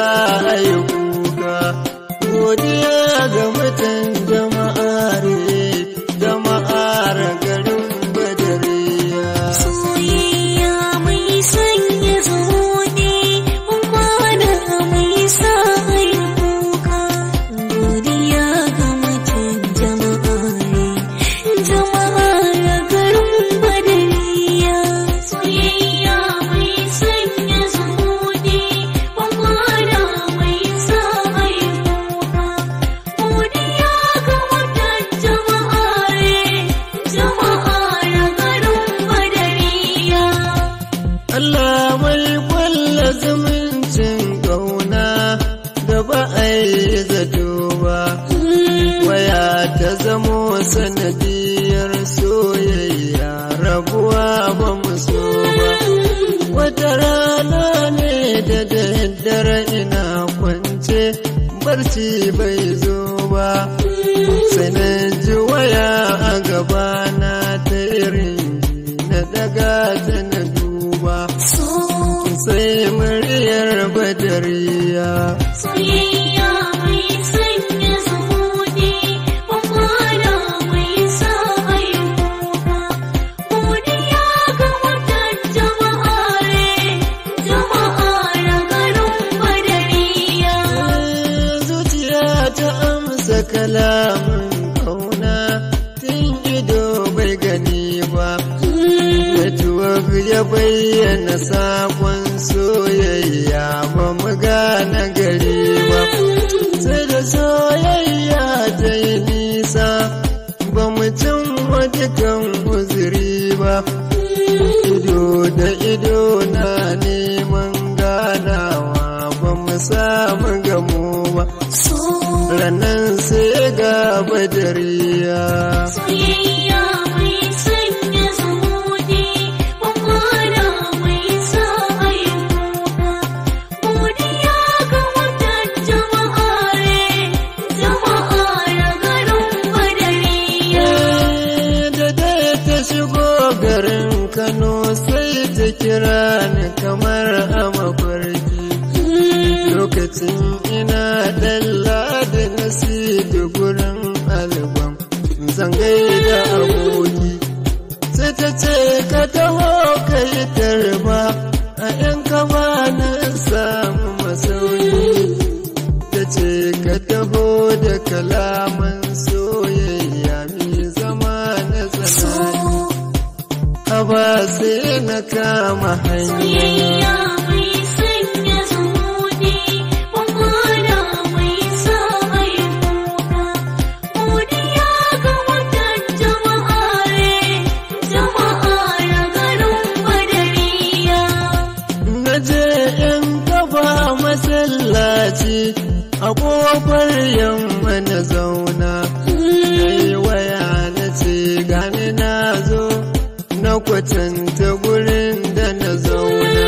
za a godiya zarci bai zo ba sai na ji waya a gabana ta irin na daga ta na duba sai muryar badariya samun gamu ba Ranar sai ga badariya tun ina dalla da nasibi gurin albam zan gaida aboki sai ta ce ka taho ka yi tarba a yan kama na samu masauki ta ce ka taho da kalaman soyayya mi zama na tsanani a ba sai na kama hanya masallaci a ƙofar yamma na zauna yi waya na ce gani na zo na kwatanta gurin da na zauna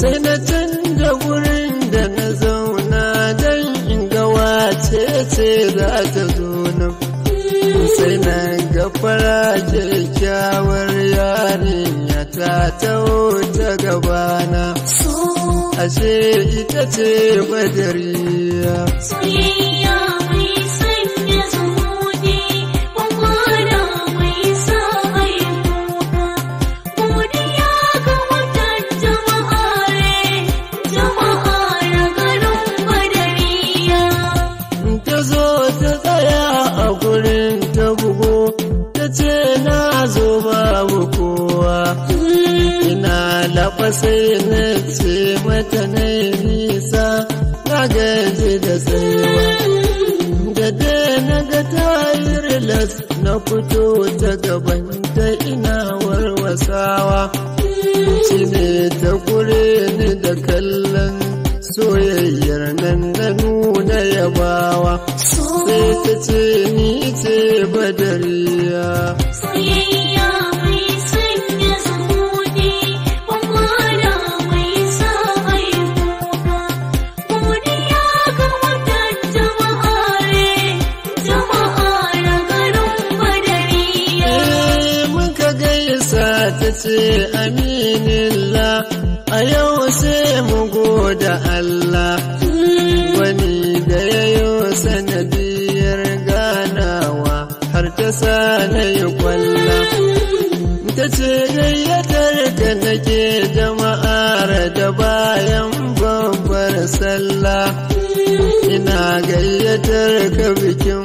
sai na canza gurin da na zauna don in ga wace ce za ta zo na sai na ga fara kyakkyawa ta ta gabana ashe ita ce madariya soyayya fito ta gaban ta ina warwasawa shi ne ta kure ni da kallon soyayyar nan na nuna yabawa sai ta ce ni ce badariya minillah a yau sai mu goda Allah wani da yayo sanadiyar ganawa har ta sa na yi kwalla ta ce gayyatar da nake jama'ar da bayan babbar sallah ina gayyatar ka bikin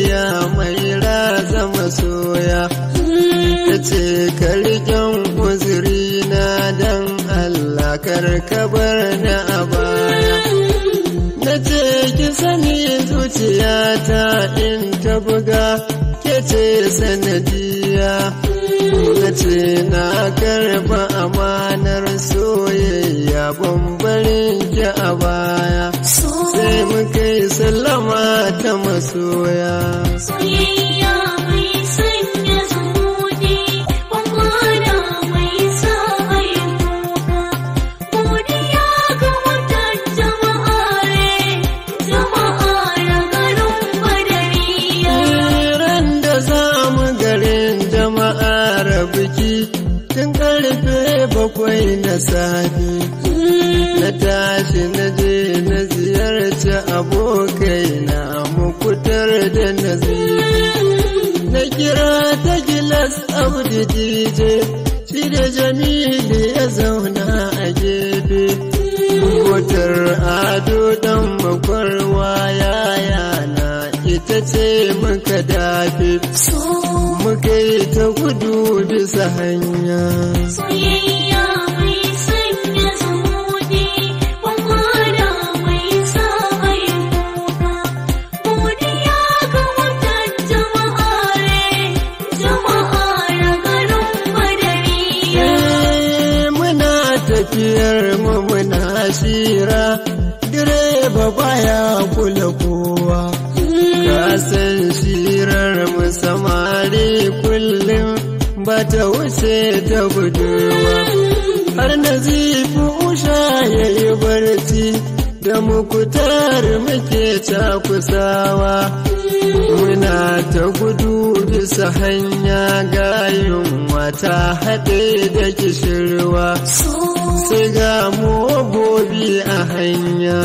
ta ce karken uzuri na don Allah karkabar na a baya na ce ki sani zuciyata in ta buga ke ce sanadiya na ce na karba amanar soyayya bambarin ki a baya sai muka yi sallama ta masoya soyayya mai na safi na tashi na je na ziyarci abokai na mukutar da na na kira ta gilas audi dj shi da jamilu ya zauna a gebe mukutar ado dan makwarwa ya yana ita ce muka dafi muka yi ta gudu bisa hanya da wuce ta budurwa har na zifi usha ya yi barci da mukutar muke kusawa muna ta gudu bisa hanya gayin wata haɗe da kishirwa sai ga mu a hanya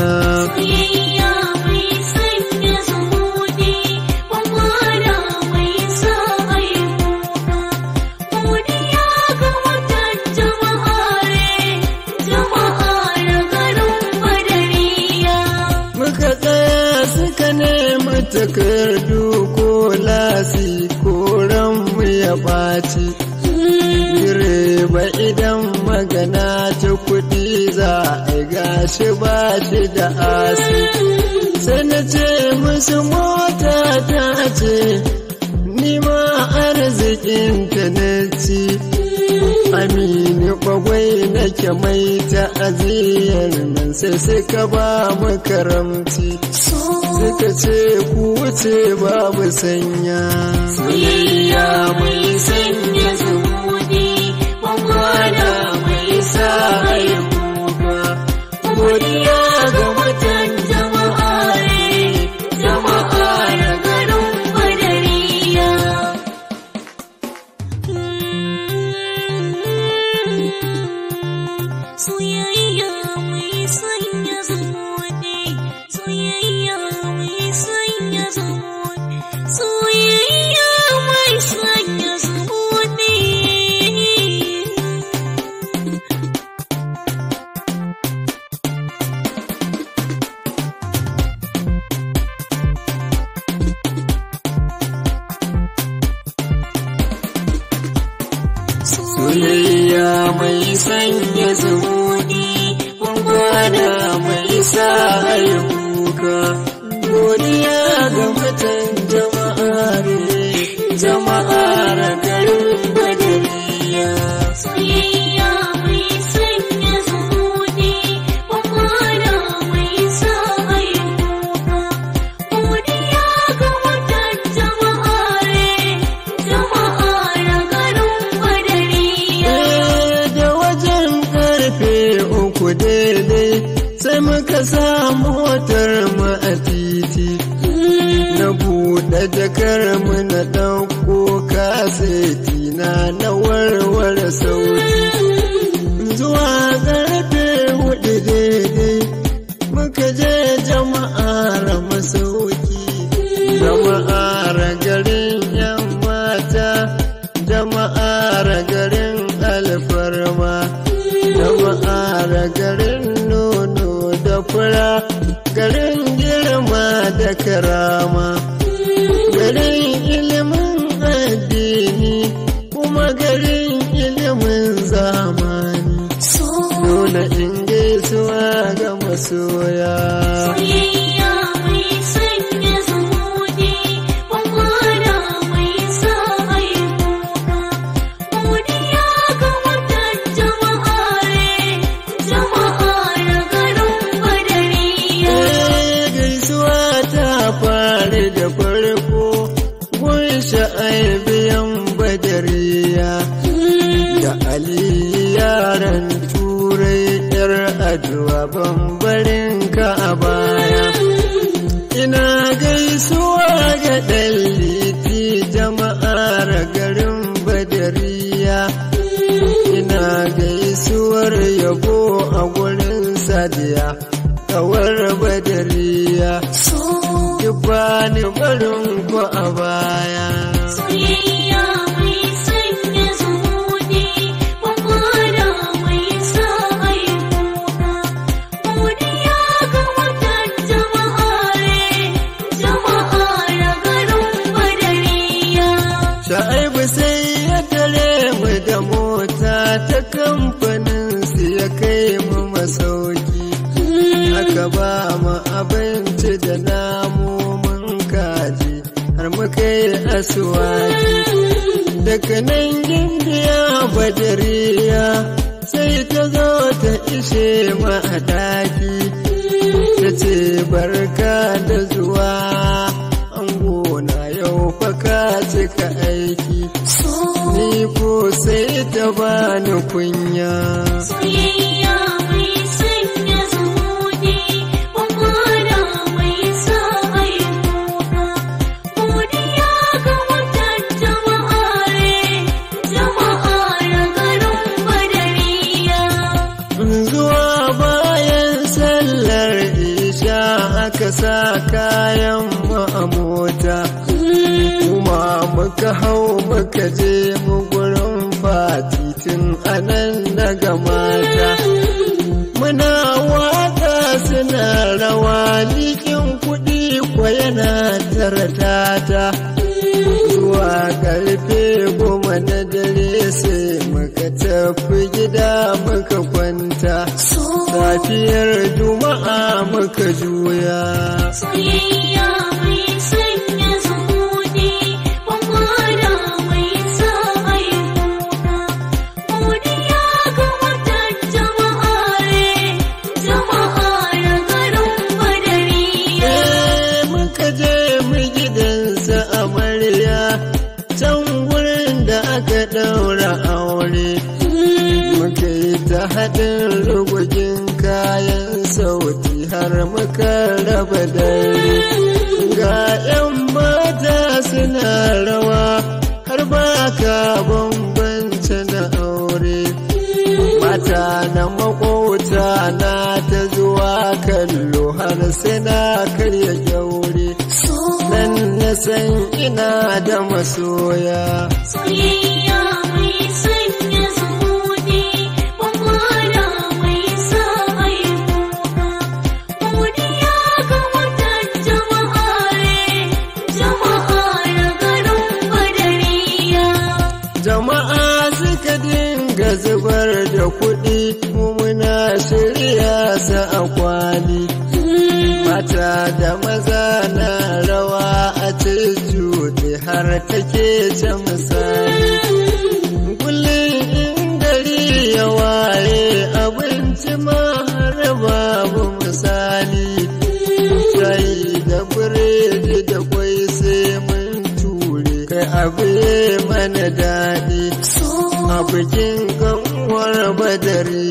takardu ko lasi ko ranmu ya ɓaci. Direba idan magana ta kuɗi za a gashi ba shi da asi. Sai na ce musu mota ta ce, Nima arzikin ta na ci. amini na nake mai ta'aziyar nan sai ka ba mu karamci suka ce ku wuce babu sanya soyayya mai sanya zumuni bangwana mai sa haihuwa godiya yi kuka godiya ga mutane hirar mu na ɗauko kaseti na a gurin sadiya kawar badariya ki bani barin ku a baya ka ba mu abinci da namomin kaji har muka yi asuwaki daga nan gindiya badariya sai ta zo ta ishe ma a daki ta ce barka da zuwa an gona yau faka cika aiki ni ko sai ta bani kunya muka sa kayan mu a mota kuma muka hau muka je mu gurin fati tun anan daga mata muna waka suna rawa likin kuɗi ko yana taratata zuwa karfe goma na dare sai muka tafi gida muka kwanta safiyar juma'a muka juya. Soyayya. ana ta zuwa kallo har sai na karya gyaure nan na san ina da masoya a akwali mata da maza na rawa a jude har take ta misali kullum in gari ya waye abinci ma har babu misali shayi da biredi da kwai sai mun ture kai abu mana daɗi a bikin ganwar badari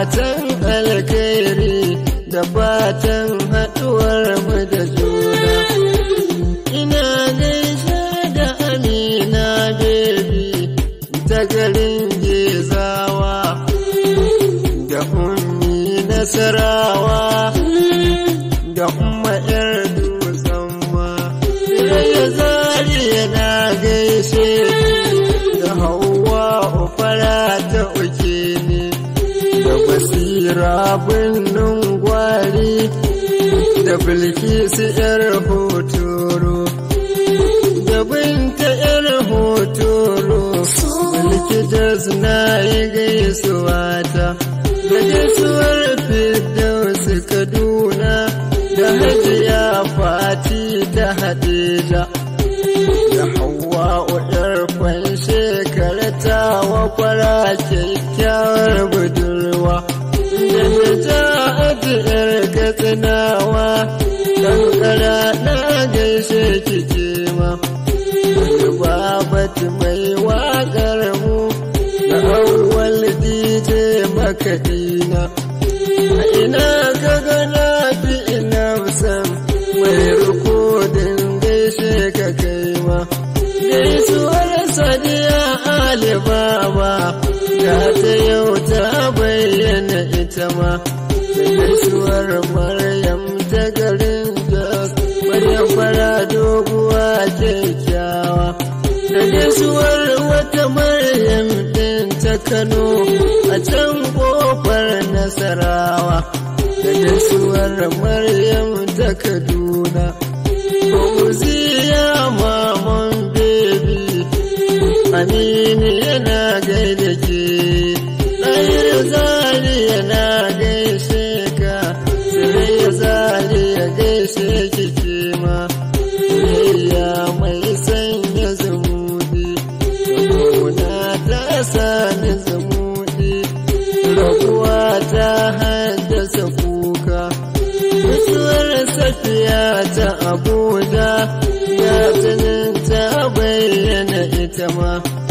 fatan alkhairi da fatan Abin birnin gwari da bilkisu yar hotoro da binta yar hotoro da na yi gaisuwa ta da gaisuwar fidausu kaduna da hajiya fati da hadija da hawa yar kwan shekarta wa kwara kyakkyawar budurwa ya ja a tsinawa, kankara na gaishe ki ga ta yau ta bayyana ita ma gaisuwar maryam ta garin gas maryam fara doguwa kyakkyawa da gaisuwar wata maryam din ta kano a can ƙofar nasarawa da gaisuwar maryam ta kaduna Aminu yana gaida abuja ya tsananta bayyana ita ma